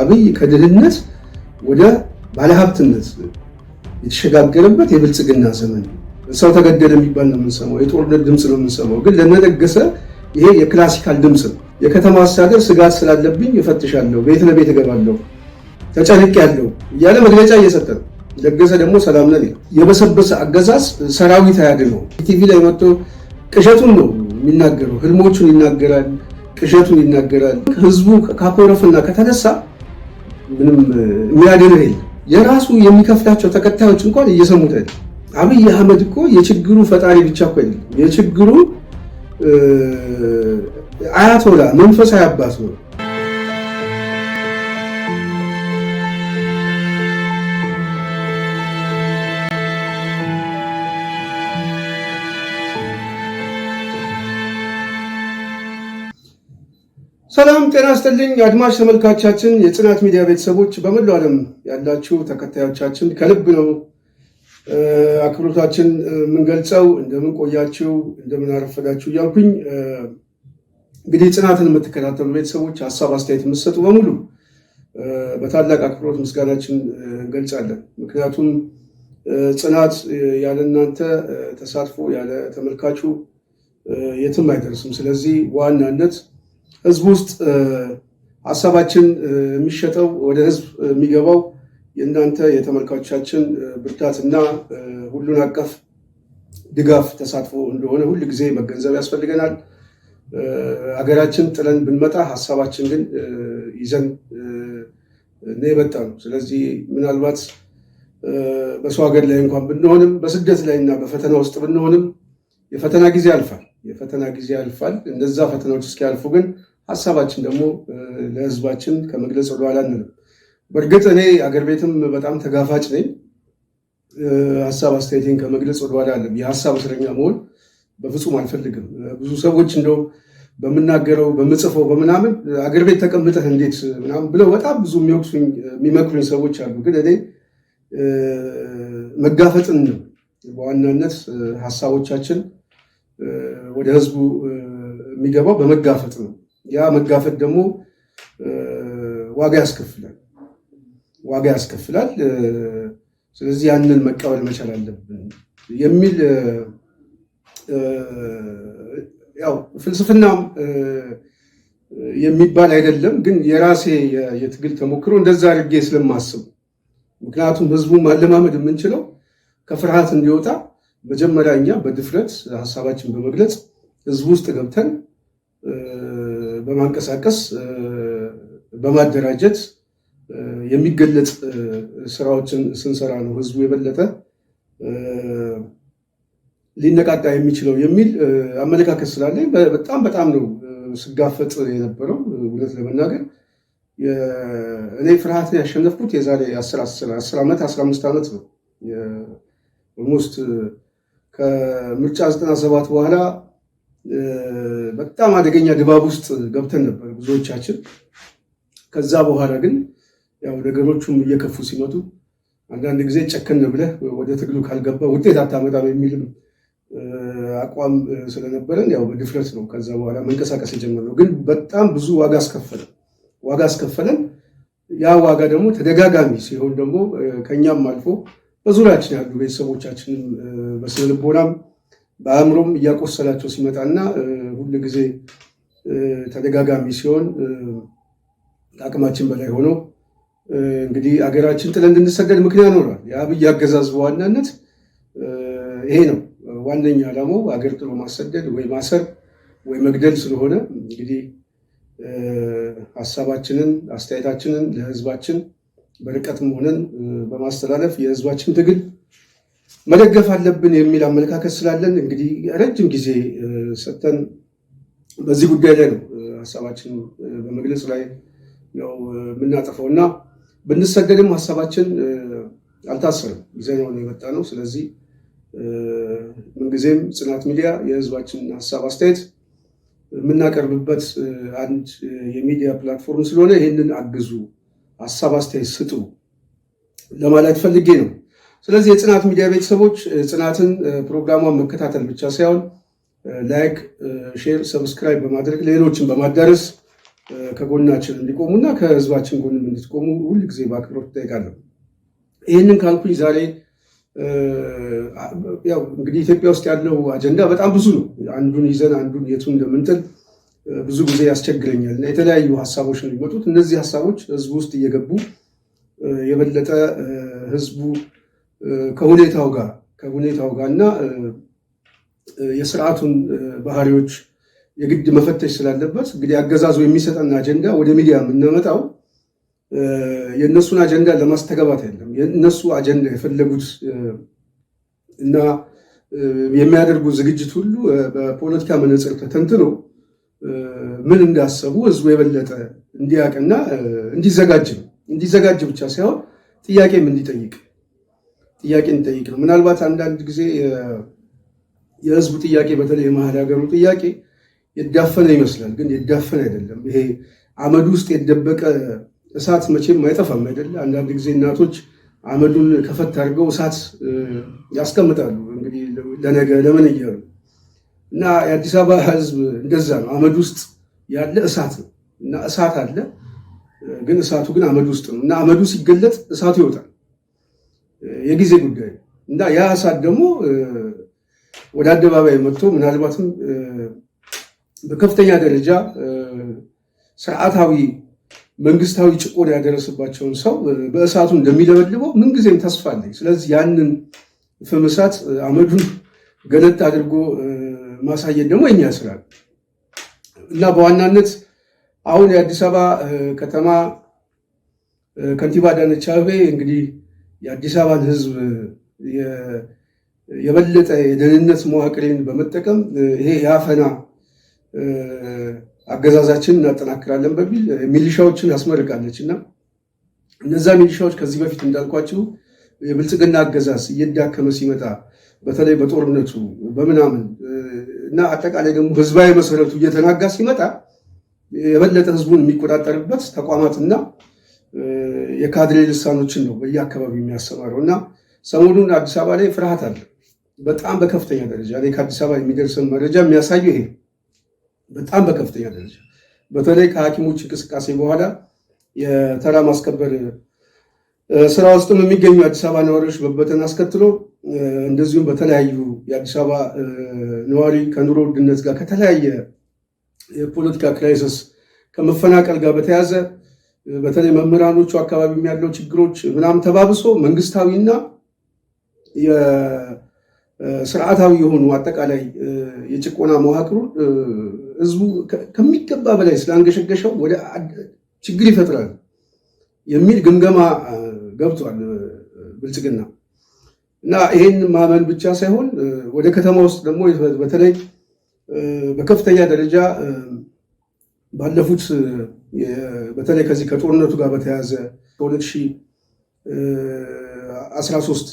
አብይ ከድህነት ወደ ባለሀብትነት የተሸጋገረበት የብልጽግና ዘመን ሰው ተገደለ የሚባል ነው የምንሰማው፣ የጦርነት ድምፅ ነው የምንሰማው። ግን ለነለገሰ ይሄ የክላሲካል ድምፅ ነው። የከተማ አስተዳደር ስጋት ስላለብኝ እፈትሻለሁ፣ ቤት ለቤት እገባለሁ፣ ተጨንቅ ያለው እያለ መግለጫ እየሰጠ ነው። ለገሰ ደግሞ ሰላም ነን የበሰበሰ አገዛዝ ሰራዊት አያድነው። ቲቪ ላይ መጥቶ ቅዠቱን ነው የሚናገረው። ህልሞቹን ይናገራል፣ ቅዠቱን ይናገራል። ህዝቡ ካኮረፍና ከተነሳ ምንም የሚያድንህ የለም። የራሱ የሚከፍላቸው ተከታዮች እንኳን እየሰሙት አይደል። አብይ አህመድ እኮ የችግሩ ፈጣሪ ብቻ እኮ አይደለም፣ የችግሩ አያቶላ መንፈሳዊ አባት ነው። ጤና ይስጥልኝ አድማጭ ተመልካቻችን፣ የጽናት ሚዲያ ቤተሰቦች በመላው ዓለም ያላችሁ ተከታዮቻችን ከልብ ነው አክብሮታችን የምንገልጸው። እንደምን ቆያችሁ፣ እንደምን አረፈዳችሁ እያልኩኝ እንግዲህ ጽናትን የምትከታተሉ ቤተሰቦች ሀሳብ፣ አስተያየት የምትሰጡ በሙሉ በታላቅ አክብሮት ምስጋናችን እንገልጻለን። ምክንያቱም ጽናት ያለ እናንተ ተሳትፎ ያለ ተመልካቹ የትም አይደርስም። ስለዚህ በዋናነት ህዝብ ውስጥ ሀሳባችን የሚሸጠው ወደ ህዝብ የሚገባው የእናንተ የተመልካቾቻችን ብርታትና ሁሉን አቀፍ ድጋፍ ተሳትፎ እንደሆነ ሁል ጊዜ መገንዘብ ያስፈልገናል። ሀገራችን ጥለን ብንመጣ ሀሳባችን ግን ይዘን ነው የመጣ ነው። ስለዚህ ምናልባት በሰው ሀገር ላይ እንኳን ብንሆንም በስደት ላይ እና በፈተና ውስጥ ብንሆንም የፈተና ጊዜ ያልፋል። የፈተና ጊዜ ያልፋል። እነዛ ፈተናዎች እስኪያልፉ ግን ሀሳባችን ደግሞ ለህዝባችን ከመግለጽ ወደኋላ አንልም። በእርግጥ እኔ አገር ቤትም በጣም ተጋፋጭ ነኝ። ሀሳብ አስተያየቴን ከመግለጽ ወደኋላ አለም። የሀሳብ እስረኛ መሆን በፍጹም አልፈልግም። ብዙ ሰዎች እንደው በምናገረው በምጽፈው በምናምን አገር ቤት ተቀምጠህ እንዴት ምናምን ብለው በጣም ብዙ የሚወቅሱኝ የሚመክሩኝ ሰዎች አሉ። ግን እኔ መጋፈጥን ነው በዋናነት ሀሳቦቻችን ወደ ህዝቡ የሚገባው በመጋፈጥ ነው። ያ መጋፈጥ ደግሞ ዋጋ ያስከፍላል ዋጋ ያስከፍላል። ስለዚህ ያንን መቀበል መቻል አለብን የሚል ያው ፍልስፍናም የሚባል አይደለም፣ ግን የራሴ የትግል ተሞክሮ እንደዛ አድርጌ ስለማስብ ምክንያቱም ህዝቡን ማለማመድ የምንችለው ከፍርሃት እንዲወጣ መጀመሪያ እኛ በድፍረት ሀሳባችን በመግለጽ ህዝቡ ውስጥ ገብተን በማንቀሳቀስ በማደራጀት የሚገለጽ ስራዎችን ስንሰራ ነው ህዝቡ የበለጠ ሊነቃቃ የሚችለው የሚል አመለካከት ስላለ በጣም በጣም ነው ስጋፈጥ የነበረው። እውነት ለመናገር እኔ ፍርሃትን ያሸነፍኩት የዛሬ 10 ዓመት 15 ዓመት ነው ኦልሞስት ከምርጫ 97 በኋላ በጣም አደገኛ ድባብ ውስጥ ገብተን ነበር ብዙዎቻችን። ከዛ በኋላ ግን ያው ነገሮቹም እየከፉ ሲመጡ አንዳንድ ጊዜ ጨከን ብለህ ወደ ትግሉ ካልገባ ውጤት አታመጣም የሚልም አቋም ስለነበረን ያው በድፍረት ነው ከዛ በኋላ መንቀሳቀስ የጀመርነው። ግን በጣም ብዙ ዋጋ አስከፈለን ዋጋ አስከፈለን። ያ ዋጋ ደግሞ ተደጋጋሚ ሲሆን ደግሞ ከኛም አልፎ በዙሪያችን ያሉ ቤተሰቦቻችንም በስነ ልቦናም በአእምሮም እያቆሰላቸው ሲመጣና ሁሉ ጊዜ ተደጋጋሚ ሲሆን አቅማችን በላይ ሆኖ እንግዲህ አገራችን ጥለን እንድንሰደድ ምክንያት ኖሯል። የአብይ አገዛዝ በዋናነት ይሄ ነው ዋነኛ ዓላማው፣ አገር ጥሎ ማሰደድ ወይ ማሰር ወይ መግደል ስለሆነ እንግዲህ ሀሳባችንን አስተያየታችንን ለህዝባችን በርቀትም ሆነን በማስተላለፍ የህዝባችን ትግል መደገፍ አለብን የሚል አመለካከት ስላለን እንግዲህ ረጅም ጊዜ ሰጥተን በዚህ ጉዳይ ላይ ነው ሀሳባችን በመግለጽ ላይ ነው የምናጠፈው እና ብንሰደድም ሀሳባችን አልታሰርም። ጊዜኛው ነው የመጣ ነው። ስለዚህ ምንጊዜም ጽናት ሚዲያ የህዝባችን ሀሳብ አስተያየት የምናቀርብበት አንድ የሚዲያ ፕላትፎርም ስለሆነ ይህንን አግዙ ሀሳብ አስተያየት ስጡ ለማለት ፈልጌ ነው። ስለዚህ የጽናት ሚዲያ ቤተሰቦች ጽናትን ፕሮግራሟን መከታተል ብቻ ሳይሆን ላይክ፣ ሼር፣ ሰብስክራይብ በማድረግ ሌሎችን በማዳረስ ከጎናችን እንዲቆሙ እና ከህዝባችን ጎንም እንድትቆሙ ሁል ጊዜ በአክብሮት እጠይቃለሁ። ይህንን ካልኩኝ ዛሬ እንግዲህ ኢትዮጵያ ውስጥ ያለው አጀንዳ በጣም ብዙ ነው። አንዱን ይዘን አንዱን የቱን እንደምንጥል ብዙ ጊዜ ያስቸግረኛል እና የተለያዩ ሀሳቦች ነው የሚመጡት። እነዚህ ሀሳቦች ህዝቡ ውስጥ እየገቡ የበለጠ ህዝቡ ከሁኔታው ጋር ከሁኔታው ጋር እና የስርዓቱን ባህሪዎች የግድ መፈተሽ ስላለበት እንግዲህ አገዛዙ የሚሰጠን አጀንዳ ወደ ሚዲያ የምናመጣው የእነሱን አጀንዳ ለማስተገባት አይደለም። የእነሱ አጀንዳ የፈለጉት እና የሚያደርጉ ዝግጅት ሁሉ በፖለቲካ መነጽር ተተንትኖ ምን እንዳሰቡ ህዝቡ የበለጠ እንዲያውቅና እንዲዘጋጅ ነው። እንዲዘጋጅ ብቻ ሳይሆን ጥያቄም እንዲጠይቅ ጥያቄ እንዲጠይቅ ነው። ምናልባት አንዳንድ ጊዜ የህዝቡ ጥያቄ በተለይ የመሀል ሀገሩ ጥያቄ የዳፈነ ይመስላል፣ ግን የዳፈነ አይደለም። ይሄ አመድ ውስጥ የደበቀ እሳት መቼም አይጠፋም አይደለ? አንዳንድ ጊዜ እናቶች አመዱን ከፈት አድርገው እሳት ያስቀምጣሉ። እንግዲህ ለነገ ለምን እያሉ እና የአዲስ አበባ ህዝብ እንደዛ ነው። አመድ ውስጥ ያለ እሳት ነው እና እሳት አለ፣ ግን እሳቱ ግን አመድ ውስጥ ነው እና አመዱ ሲገለጥ እሳቱ ይወጣል። የጊዜ ጉዳይ እና ያ እሳት ደግሞ ወደ አደባባይ መጥቶ ምናልባትም በከፍተኛ ደረጃ ስርዓታዊ መንግስታዊ ጭቆና ያደረሰባቸውን ሰው በእሳቱ እንደሚለበልበው ምንጊዜም ተስፋ አለኝ። ስለዚህ ያንን ፍም እሳት አመዱን ገለጥ አድርጎ ማሳየት ደግሞ የኛ ስራ እና በዋናነት አሁን የአዲስ አበባ ከተማ ከንቲባ አዳነች አቤቤ እንግዲህ የአዲስ አበባን ህዝብ የበለጠ የደህንነት መዋቅሬን በመጠቀም ይሄ የአፈና አገዛዛችን እናጠናክራለን በሚል ሚሊሻዎችን አስመርቃለች እና እነዛ ሚሊሻዎች ከዚህ በፊት እንዳልኳችሁ የብልጽግና አገዛዝ እየዳከመ ሲመጣ በተለይ በጦርነቱ በምናምን እና አጠቃላይ ደግሞ ህዝባዊ መሰረቱ እየተናጋ ሲመጣ የበለጠ ህዝቡን የሚቆጣጠርበት ተቋማትና የካድሬ ልሳኖችን ነው በየአካባቢው የሚያሰማረው እና ሰሞኑን አዲስ አበባ ላይ ፍርሃት አለ፣ በጣም በከፍተኛ ደረጃ እኔ ከአዲስ አበባ የሚደርሰን መረጃ የሚያሳየው ይሄ በጣም በከፍተኛ ደረጃ በተለይ ከሐኪሞች እንቅስቃሴ በኋላ የተራ ማስከበር ስራ ውስጥም የሚገኙ የአዲስ አበባ ነዋሪዎች መበተን አስከትሎ እንደዚሁም በተለያዩ የአዲስ አበባ ነዋሪ ከኑሮ ውድነት ጋር ከተለያየ የፖለቲካ ክራይሲስ ከመፈናቀል ጋር በተያዘ በተለይ መምህራኖቹ አካባቢ ያለው ችግሮች ምናምን ተባብሶ መንግስታዊና ስርዓታዊ የሆኑ አጠቃላይ የጭቆና መዋቅሩን ህዝቡ ከሚገባ በላይ ስላንገሸገሸው ወደ ችግር ይፈጥራል የሚል ግምገማ ገብቷል ብልጽግና እና ይህን ማመን ብቻ ሳይሆን ወደ ከተማ ውስጥ ደግሞ በተለይ በከፍተኛ ደረጃ ባለፉት በተለይ ከዚህ ከጦርነቱ ጋር በተያያዘ ከሁለት ሺህ አስራ ሶስት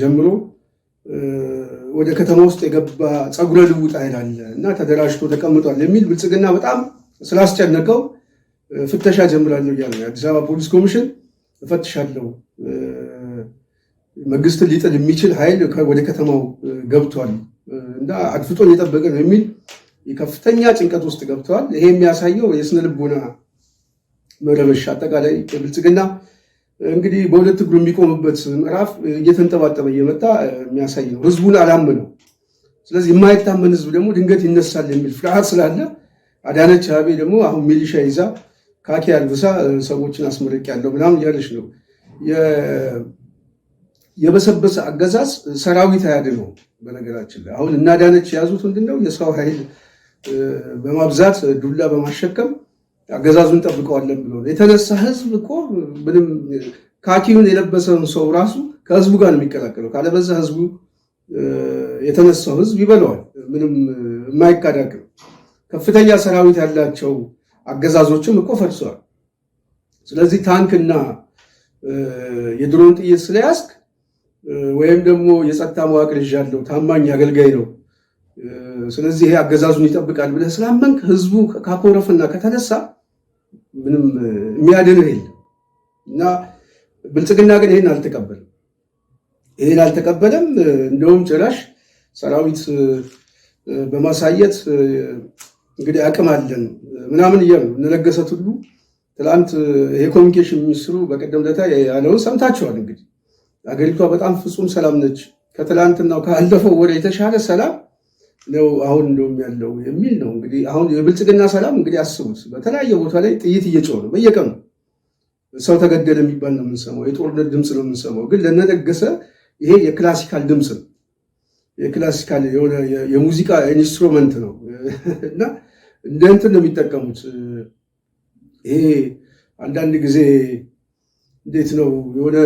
ጀምሮ ወደ ከተማ ውስጥ የገባ ጸጉረ ልውጥ አይላለ እና ተደራጅቶ ተቀምጧል የሚል ብልጽግና በጣም ስላስጨነቀው ፍተሻ ጀምራለሁ እያለ አዲስ አበባ ፖሊስ ኮሚሽን እፈትሻለሁ። መንግስትን ሊጥል የሚችል ኃይል ወደ ከተማው ገብቷል እና አድፍጦን የጠበቀ ነው የሚል ከፍተኛ ጭንቀት ውስጥ ገብተዋል። ይሄ የሚያሳየው የስነ ልቦና መረበሻ አጠቃላይ ብልጽግና እንግዲህ በሁለት እግሩ የሚቆምበት ምዕራፍ እየተንጠባጠበ እየመጣ የሚያሳይ ነው። ህዝቡን አላመነው። ስለዚህ የማይታመን ህዝብ ደግሞ ድንገት ይነሳል የሚል ፍርሃት ስላለ አዳነች አቤቤ ደግሞ አሁን ሚሊሻ ይዛ ካኪ አልብሳ ሰዎችን አስመረቅ ያለው ምናምን እያለች ነው። የበሰበሰ አገዛዝ ሰራዊት አያድነው። በነገራችን ላይ አሁን እናዳነች የያዙት ምንድነው የሰው ኃይል በማብዛት ዱላ በማሸከም አገዛዙን ጠብቀዋለን ብሎ ነው የተነሳ ህዝብ እኮ ምንም ካኪውን የለበሰውን ሰው ራሱ ከህዝቡ ጋር ነው የሚቀላቀለው። ካለበዛ ህዝቡ የተነሳው ህዝብ ይበለዋል። ምንም የማይካዳቅ ነው። ከፍተኛ ሰራዊት ያላቸው አገዛዞችም እኮ ፈርሰዋል። ስለዚህ ታንክና የድሮን ጥይት ስለያዝክ ወይም ደግሞ የጸጥታ መዋቅር ይዣለሁ ታማኝ አገልጋይ ነው፣ ስለዚህ ይሄ አገዛዙን ይጠብቃል ብለህ ስላመንክ ህዝቡ ካኮረፍና ከተነሳ ምንም የሚያድንህ የለም እና ብልጽግና ግን ይህን አልተቀበልም። ይህን አልተቀበለም። እንደውም ጭራሽ ሰራዊት በማሳየት እንግዲህ አቅም አለን ምናምን እያሉ እነለገሰት ሁሉ ትላንት የኮሚኒኬሽን ሚኒስትሩ በቀደም ለታ ያለውን ሰምታችኋል። እንግዲህ አገሪቷ በጣም ፍጹም ሰላም ነች፣ ከትላንትናው ካለፈው ወደ የተሻለ ሰላም ነው አሁን እንደውም ያለው የሚል ነው። እንግዲህ አሁን የብልጽግና ሰላም እንግዲህ አስቡት፣ በተለያየ ቦታ ላይ ጥይት እየጮኸ ነው በየቀኑ ሰው ተገደለ የሚባል ነው የምንሰማው፣ የጦርነት ድምፅ ነው የምንሰማው። ግን ለነለገሰ ይሄ የክላሲካል ድምፅ ነው፣ የክላሲካል የሆነ የሙዚቃ ኢንስትሩመንት ነው እና እንደ እንትን ነው የሚጠቀሙት። ይሄ አንዳንድ ጊዜ እንዴት ነው የሆነ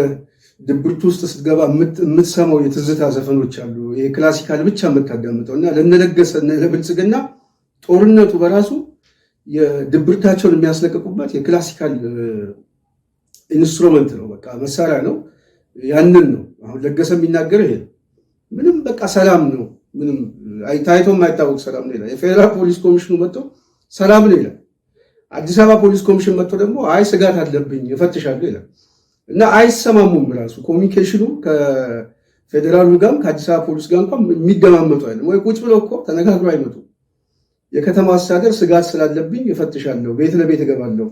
ድብርት ውስጥ ስትገባ የምትሰማው የትዝታ ዘፈኖች አሉ። ይሄ ክላሲካል ብቻ የምታዳምጠው እና ለነለገሰ ለብልጽግና ጦርነቱ በራሱ የድብርታቸውን የሚያስለቅቁበት የክላሲካል ኢንስትሩመንት ነው፣ በቃ መሳሪያ ነው። ያንን ነው አሁን ለገሰ የሚናገር ይሄ ምንም በቃ ሰላም ነው ምንም ታይቶ የማይታወቅ ሰላም ነው ይላል። የፌዴራል ፖሊስ ኮሚሽኑ መጥቶ ሰላም ነው ይላል። አዲስ አበባ ፖሊስ ኮሚሽን መጥቶ ደግሞ አይ ስጋት አለብኝ እፈትሻለሁ ይላል እና አይሰማሙም። ራሱ ኮሚኒኬሽኑ ከፌዴራሉ ጋርም ከአዲስ አበባ ፖሊስ ጋር እንኳን የሚደማመጡ አይደለም ወይ ቁጭ ብለው እኮ ተነጋግሮ አይመጡ። የከተማ አስተዳደር ስጋት ስላለብኝ እፈትሻለሁ፣ ቤት ለቤት እገባለሁ፣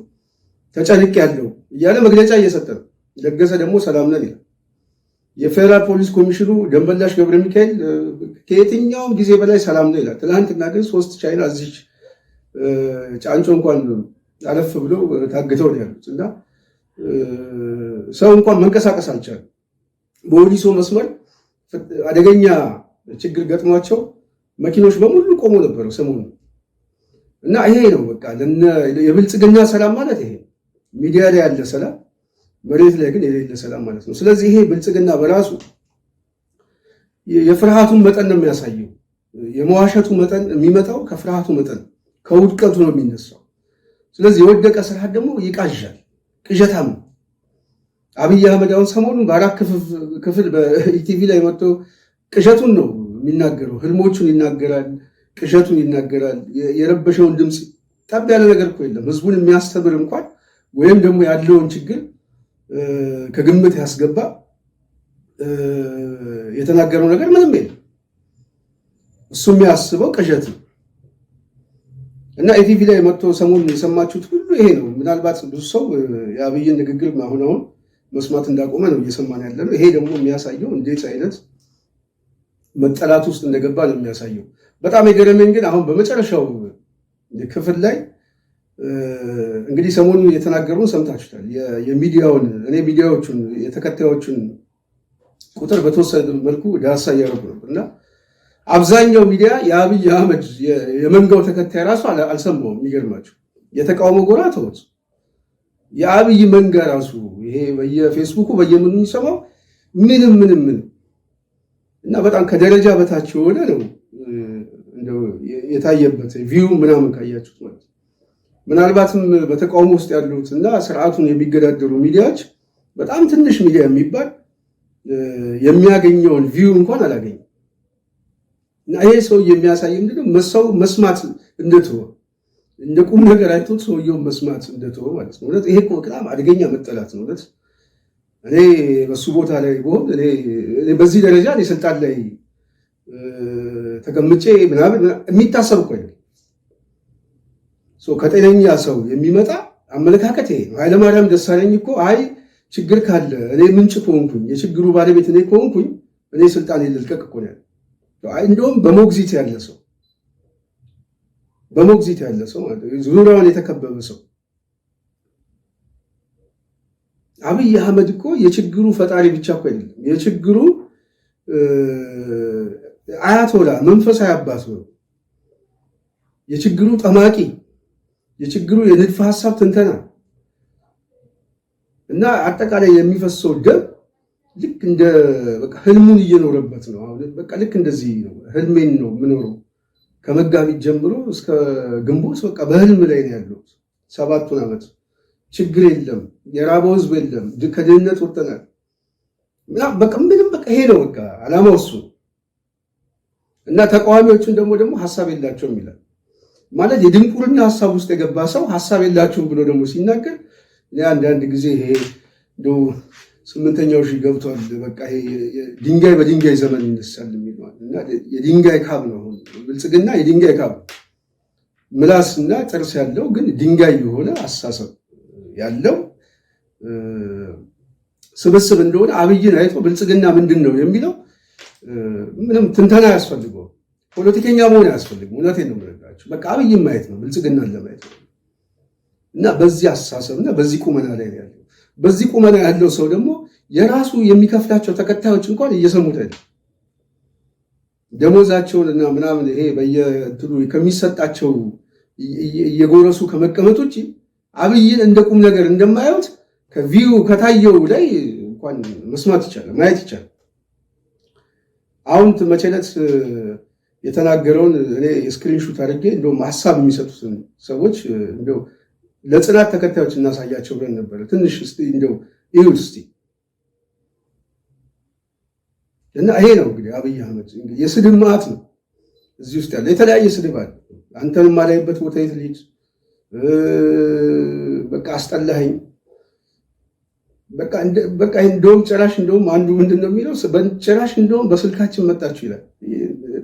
ያለው እያለ መግለጫ እየሰጠ ነው። ለገሰ ደግሞ ሰላም ነን ይላል። የፌዴራል ፖሊስ ኮሚሽኑ ደንበላሽ ገብረ ሚካኤል ከየትኛውም ጊዜ በላይ ሰላም ነው ይላል። ትናንትና ግን ሶስት ቻይና እዚች ጫንጮ እንኳን አለፍ ብለው ታግተው ነው ያሉት እና ሰው እንኳን መንቀሳቀስ አልቻለም። በወሊሶ መስመር አደገኛ ችግር ገጥሟቸው መኪኖች በሙሉ ቆሞ ነበረው ሰሞኑ እና ይሄ ነው በቃ የብልጽግና ሰላም ማለት ይሄ ሚዲያ ላይ ያለ ሰላም መሬት ላይ ግን የሌለ ሰላም ማለት ነው። ስለዚህ ይሄ ብልጽግና በራሱ የፍርሃቱን መጠን ነው የሚያሳየው። የመዋሸቱ መጠን የሚመጣው ከፍርሃቱ መጠን ከውድቀቱ ነው የሚነሳው። ስለዚህ የወደቀ ስርዓት ደግሞ ይቃዣል፣ ቅዠታም ነው። አብይ አህመድ አሁን ሰሞኑን በአራት ክፍል በኢቲቪ ላይ መጥቶ ቅዠቱን ነው የሚናገረው። ህልሞቹን ይናገራል፣ ቅዠቱን ይናገራል። የረበሸውን ድምፅ ጠብ ያለ ነገር እኮ የለም። ህዝቡን የሚያስተምር እንኳን ወይም ደግሞ ያለውን ችግር ከግምት ያስገባ የተናገረው ነገር ምንም የለም። እሱ የሚያስበው ቅዠት ነው። እና ኢቲቪ ላይ መጥቶ ሰሞኑን የሰማችሁት ሁሉ ይሄ ነው። ምናልባት ብዙ ሰው የአብይን ንግግር አሁን አሁን መስማት እንዳቆመ ነው እየሰማን ያለ ነው። ይሄ ደግሞ የሚያሳየው እንዴት አይነት መጠላት ውስጥ እንደገባ ነው የሚያሳየው። በጣም የገረመኝ ግን አሁን በመጨረሻው ክፍል ላይ እንግዲህ ሰሞኑን የተናገሩን ሰምታችሁታል። የሚዲያውን እኔ ሚዲያዎቹን የተከታዮቹን ቁጥር በተወሰነ መልኩ ዳሳ እያደረጉ ነበር እና አብዛኛው ሚዲያ የአብይ አህመድ የመንጋው ተከታይ ራሱ አልሰማው። የሚገርማቸው የተቃውሞ ጎራ ተወት የአብይ መንጋ ራሱ ይሄ በየፌስቡኩ የሚሰማው? ምንም ምንም ምንም እና በጣም ከደረጃ በታች የሆነ ነው የታየበት ቪው ምናምን ካያችሁት ማለት ምናልባትም በተቃውሞ ውስጥ ያሉት እና ስርዓቱን የሚገዳደሩ ሚዲያዎች በጣም ትንሽ ሚዲያ የሚባል የሚያገኘውን ቪው እንኳን አላገኝም። እና ይሄ ሰው የሚያሳይ ምንድነው መሰው መስማት እንደተወ እንደ ቁም ነገር አይቶት ሰውየውን መስማት እንደተወ ማለት ነው። ይሄ በጣም አደገኛ መጠላት ነው። እውነት እኔ በሱ ቦታ ላይ እኔ በዚህ ደረጃ እኔ ስልጣን ላይ ተቀምጬ ምናምን የሚታሰብ እኮ አይደለም ከጤነኛ ሰው የሚመጣ አመለካከት ይሄ ነው። ኃይለማርያም ደሳለኝ እኮ አይ ችግር ካለ እኔ ምንጭ ከሆንኩኝ የችግሩ ባለቤት እኔ ከሆንኩኝ እኔ ስልጣን ልልቀቅ እኮ ነው ያለ። እንደውም በሞግዚት ያለ ሰው በሞግዚት ያለ ሰው ማለት ዙሪያውን የተከበበ ሰው አብይ አህመድ እኮ የችግሩ ፈጣሪ ብቻ እኮ አይደለም። የችግሩ አያቶላ መንፈሳዊ አባት ነው። የችግሩ ጠማቂ የችግሩ የንድፈ ሀሳብ ትንተና እና አጠቃላይ የሚፈሰው ደም ልክ እንደ ህልሙን እየኖረበት ነው። በቃ ልክ እንደዚህ ነው፣ ህልሜን ነው የምኖረው ከመጋቢት ጀምሮ እስከ ግንቦት በቃ በህልም ላይ ነው ያለው። ሰባቱን ዓመት ችግር የለም፣ የራበ ህዝብ የለም፣ ከድህነት ወጥተናል። በቃ ምንም በቃ ይሄ ነው በቃ አላማው እሱ እና ተቃዋሚዎቹን ደግሞ ደግሞ ሀሳብ የላቸውም ይላል። ማለት የድንቁርና ሀሳብ ውስጥ የገባ ሰው ሀሳብ የላቸውም ብሎ ደግሞ ሲናገር አንዳንድ ጊዜ ይሄ ስምንተኛው ሺህ ገብቷል፣ በቃ ድንጋይ በድንጋይ ዘመን ይነሳል የሚለዋል እና የድንጋይ ካብ ነው። አሁን ብልጽግና የድንጋይ ካብ ምላስና ጥርስ ያለው ግን ድንጋይ የሆነ አሳሰብ ያለው ስብስብ እንደሆነ አብይን አይቶ ብልጽግና ምንድን ነው የሚለው ምንም ትንተና አያስፈልገው፣ ፖለቲከኛ መሆን አያስፈልግም። እውነቴን ነው። ያላቸው። በቃ አብይን ማየት ነው ብልጽግናን ለማየት ነው። እና በዚህ እና በዚህ ቁመና ላይ ያለው በዚህ ቁመና ያለው ሰው ደግሞ የራሱ የሚከፍላቸው ተከታዮች እንኳን እየሰሙት አይደል? ደሞዛቸውን እና ምናምን ይሄ በየትሉ ከሚሰጣቸው እየጎረሱ ከመቀመጥ ውጭ አብይን እንደ ቁም ነገር እንደማያዩት ከቪው ከታየው ላይ እንኳን መስማት ይቻላል፣ ማየት ይቻላል። አሁን መቼለት የተናገረውን እኔ ስክሪንሹት አድርጌ እንደውም ሀሳብ የሚሰጡትን ሰዎች እንደው ለጽናት ተከታዮች እናሳያቸው ብለን ነበረ። ትንሽ እስቲ እንደው ይሁን እስቲ እና ይሄ ነው እንግዲህ አብይ አህመድ የስድብ መዓት ነው እዚህ ውስጥ ያለ የተለያየ ስድብ አለ። አንተን ማላይበት ቦታ የት ልሂድ፣ በቃ አስጠላኸኝ፣ በቃ እንደውም ጭራሽ እንደውም አንዱ ምንድን ነው የሚለው ጭራሽ እንደውም በስልካችን መጣችሁ ይላል።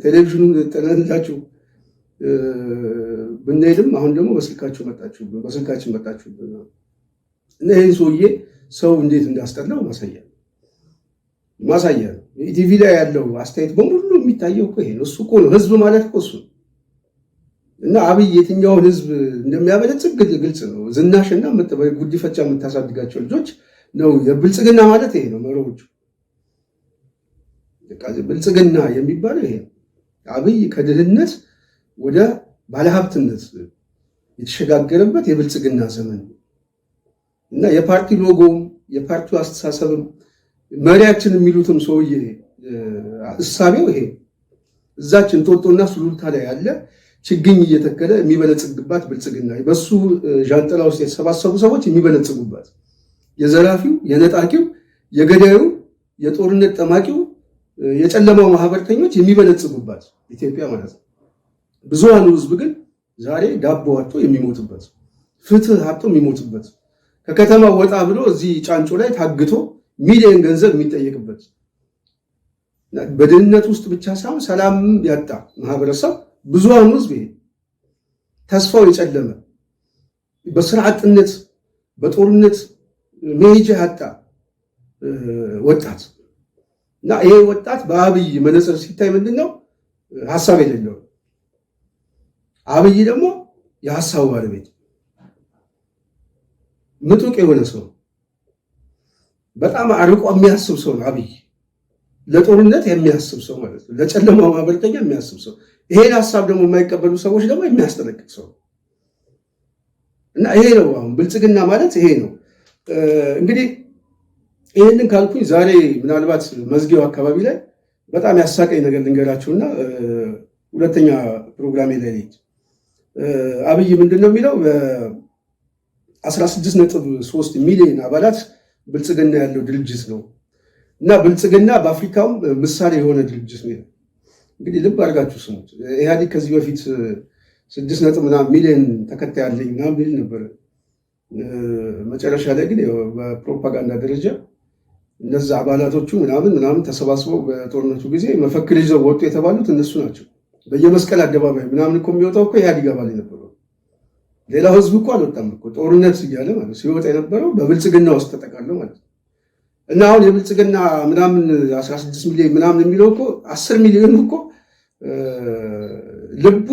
ቴሌቪዥኑን ጠነዛችሁ ብንሄድም አሁን ደግሞ በስልካችሁ መጣችሁብን፣ በስልካችን መጣችሁብን እና ይህን ሰውዬ ሰው እንዴት እንዳስጠላው ማሳያ ማሳያ ነው። ኢቲቪ ላይ ያለው አስተያየት በሙሉ የሚታየው እኮ ይሄ ነው። እሱ እኮ ነው ህዝብ ማለት እኮ እሱ እና አብይ የትኛውን ህዝብ እንደሚያበለጽግ ግልጽ ነው። ዝናሽና ጉዲፈቻ የምታሳድጋቸው ልጆች ነው። የብልጽግና ማለት ይሄ ነው። መሮዎቹ ብልጽግና የሚባለው ይሄ ነው። አብይ ከድህነት ወደ ባለሀብትነት የተሸጋገረበት የብልጽግና ዘመን እና የፓርቲ ሎጎም የፓርቲው አስተሳሰብም መሪያችን የሚሉትም ሰውዬ እሳቤው ይሄ እዛች እንጦጦና ሱሉልታ ላይ ያለ ችግኝ እየተከለ የሚበለጽግባት ብልጽግና በሱ ዣንጥላ ውስጥ የተሰባሰቡ ሰዎች የሚበለጽጉባት የዘራፊው፣ የነጣቂው፣ የገዳዩ፣ የጦርነት ጠማቂው የጨለማው ማህበርተኞች የሚበለጽጉባት ኢትዮጵያ ማለት ነው። ብዙሃኑ ህዝብ ግን ዛሬ ዳቦ አጥቶ የሚሞትበት፣ ፍትህ አጥቶ የሚሞትበት፣ ከከተማ ወጣ ብሎ እዚህ ጫንጮ ላይ ታግቶ ሚሊዮን ገንዘብ የሚጠየቅበት በድህነት ውስጥ ብቻ ሳይሆን ሰላም ያጣ ማህበረሰብ ብዙሃኑ ህዝብ ይሄ ተስፋው የጨለመ በስራ አጥነት በጦርነት መሄጃ ያጣ ወጣት እና ይሄ ወጣት በአብይ መነፅር ሲታይ ምንድነው ሀሳብ የሌለው አብይ ደግሞ የሀሳቡ ባለቤት ምጡቅ የሆነ ሰው በጣም አርቆ የሚያስብ ሰው ነው አብይ ለጦርነት የሚያስብ ሰው ማለት ነው። ለጨለማው ማህበረተኛ የሚያስብ ሰው፣ ይሄን ሀሳብ ደግሞ የማይቀበሉ ሰዎች ደግሞ የሚያስጠነቅቅ ሰው እና ይሄ ነው አሁን ብልጽግና ማለት ይሄ ነው እንግዲህ ይህንን ካልኩኝ ዛሬ ምናልባት መዝጊያው አካባቢ ላይ በጣም ያሳቀኝ ነገር ልንገራችሁና ሁለተኛ ፕሮግራሜ ላይ ነኝ። አብይ ምንድን ነው የሚለው በ16 ነጥብ 3 ሚሊዮን አባላት ብልጽግና ያለው ድርጅት ነው እና ብልጽግና በአፍሪካውም ምሳሌ የሆነ ድርጅት ነው። እንግዲህ ልብ አድርጋችሁ ስሙት። ኢህአዴግ ከዚህ በፊት ስድስት ነጥብ ምናምን ሚሊዮን ተከታይ አለኝ ምናምን ነበር። መጨረሻ ላይ ግን በፕሮፓጋንዳ ደረጃ እነዚህ አባላቶቹ ምናምን ምናምን ተሰባስበው በጦርነቱ ጊዜ መፈክር ይዘው ወጡ የተባሉት እነሱ ናቸው። በየመስቀል አደባባይ ምናምን እኮ የሚወጣው እኮ ኢህአዲግ አባል የነበረው ሌላው ህዝብ እኮ አልወጣም እኮ ጦርነት እያለ ማለት ሲወጣ የነበረው በብልጽግና ውስጥ ተጠቃለው ማለት ነው። እና አሁን የብልጽግና ምናምን 16 ሚሊዮን ምናምን የሚለው እኮ 10 ሚሊዮን እኮ ልቡ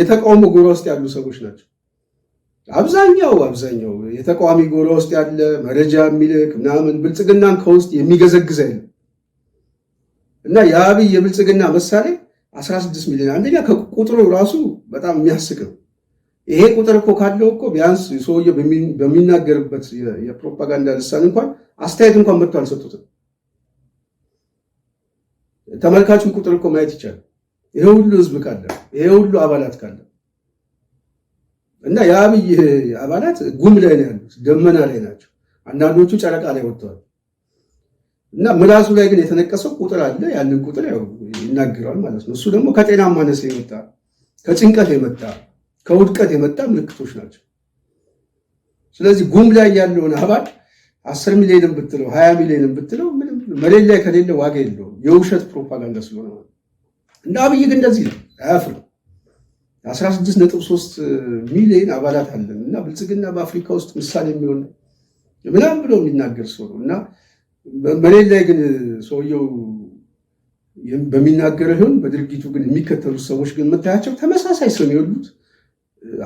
የተቃውሞ ጎራ ውስጥ ያሉ ሰዎች ናቸው። አብዛኛው አብዛኛው የተቃዋሚ ጎራ ውስጥ ያለ መረጃ የሚልክ ምናምን ብልጽግናን ከውስጥ የሚገዘግዘ ነው እና የአብይ የብልጽግና መሳሌ 16 ሚሊዮን አንደኛ ከቁጥሩ ራሱ በጣም የሚያስቅ ነው። ይሄ ቁጥር እኮ ካለው እኮ ቢያንስ ሰውየ በሚናገርበት የፕሮፓጋንዳ ልሳን እንኳን አስተያየት እንኳን መጥቶ አልሰጡትም። ተመልካቹን ቁጥር እኮ ማየት ይቻላል። ይሄ ሁሉ ህዝብ ካለ ይሄ ሁሉ አባላት ካለ እና የአብይ አባላት ጉም ላይ ነው ያሉት፣ ደመና ላይ ናቸው። አንዳንዶቹ ጨረቃ ላይ ወጥተዋል። እና ምላሱ ላይ ግን የተነቀሰው ቁጥር አለ። ያንን ቁጥር ያው ይናገራል ማለት ነው። እሱ ደግሞ ከጤና ማነስ የመጣ ከጭንቀት የመጣ ከውድቀት የመጣ ምልክቶች ናቸው። ስለዚህ ጉም ላይ ያለውን አባል አስር ሚሊዮንም ብትለው ሀያ ሚሊዮንም ብትለው ምንም ላይ ከሌለ ዋጋ የለውም። የውሸት ፕሮፓጋንዳ ስለሆነ እና አብይ ግን እንደዚህ ነው፣ አያፍርም። 16.3 ሚሊዮን አባላት አለን እና ብልጽግና በአፍሪካ ውስጥ ምሳሌ የሚሆን ምናምን ብሎ የሚናገር ሰው ነው እና መሬት ላይ ግን ሰውየው በሚናገረ ይሁን በድርጊቱ ግን የሚከተሉት ሰዎች ግን መታያቸው ተመሳሳይ ሰው የሉት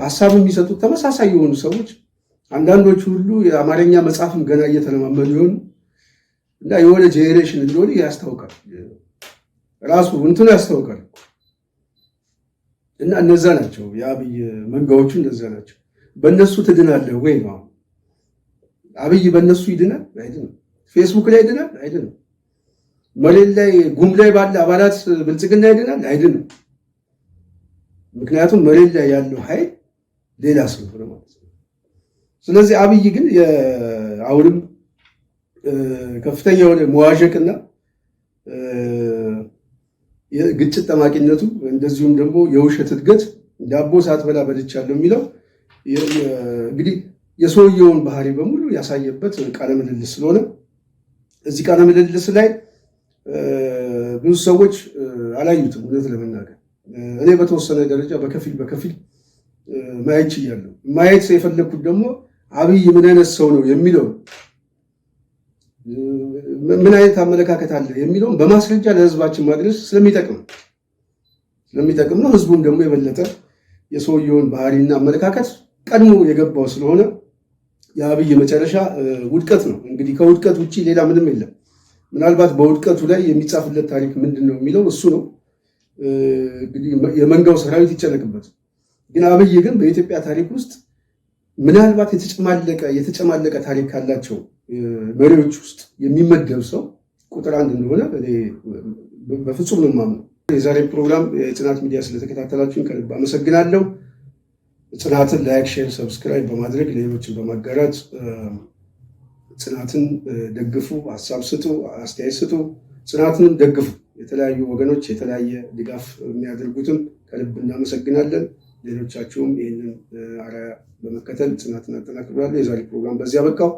ሀሳብ የሚሰጡት ተመሳሳይ የሆኑ ሰዎች አንዳንዶቹ ሁሉ የአማርኛ መጽሐፍም ገና እየተለማመዱ የሆኑ እና የሆነ ጄኔሬሽን እንደሆነ ያስታውቃል። ራሱ እንትኑ ያስታውቃል። እና እነዛ ናቸው የአብይ መንጋዎቹ፣ እነዛ ናቸው። በእነሱ ትድናለህ ወይ ነው አብይ በእነሱ ይድናል? አይድንም። ፌስቡክ ላይ ይድናል? አይድንም። መሌል ላይ ጉም ላይ ባለ አባላት ብልጽግና ይድናል? አይድንም። ምክንያቱም መሌል ላይ ያለው ኃይል ሌላ ስለሆነ ማለት ነው። ስለዚህ አብይ ግን አሁንም ከፍተኛ የሆነ መዋዠቅና ግጭት ጠማቂነቱ እንደዚሁም ደግሞ የውሸት እድገት ዳቦ ሳትበላ በልቻለሁ የሚለው እንግዲህ የሰውየውን ባህሪ በሙሉ ያሳየበት ቃለ ምልልስ ስለሆነ እዚህ ቃለ ምልልስ ላይ ብዙ ሰዎች አላዩትም። እውነት ለመናገር እኔ በተወሰነ ደረጃ በከፊል በከፊል ማየት ችያለሁ። ማየት የፈለግኩት ደግሞ አብይ ምን አይነት ሰው ነው የሚለው ምን አይነት አመለካከት አለ የሚለውን በማስረጃ ለህዝባችን ማድረስ ስለሚጠቅም ስለሚጠቅም ነው። ህዝቡም ደግሞ የበለጠ የሰውየውን ባህሪና አመለካከት ቀድሞ የገባው ስለሆነ የአብይ መጨረሻ ውድቀት ነው። እንግዲህ ከውድቀት ውጭ ሌላ ምንም የለም። ምናልባት በውድቀቱ ላይ የሚጻፍለት ታሪክ ምንድን ነው የሚለው እሱ ነው። የመንጋው ሰራዊት ይጨነቅበት። ግን አብይ ግን በኢትዮጵያ ታሪክ ውስጥ ምናልባት የተጨማለቀ የተጨማለቀ ታሪክ ካላቸው መሪዎች ውስጥ የሚመደብ ሰው ቁጥር አንድ እንደሆነ በፍጹም ነው የማምነው። የዛሬ ፕሮግራም የጽናት ሚዲያ ስለተከታተላችሁን ከልብ አመሰግናለሁ። ጽናትን ላይክ፣ ሼር፣ ሰብስክራይብ በማድረግ ሌሎችን በማጋራት ጽናትን ደግፉ፣ ሀሳብ ስጡ፣ አስተያየት ስጡ፣ ጽናትንም ደግፉ። የተለያዩ ወገኖች የተለያየ ድጋፍ የሚያደርጉትም ከልብ እናመሰግናለን። ሌሎቻችሁም ይህንን አርአያ በመከተል ጽናትን አጠናክራሉ። የዛሬ ፕሮግራም በዚህ ያበቃው።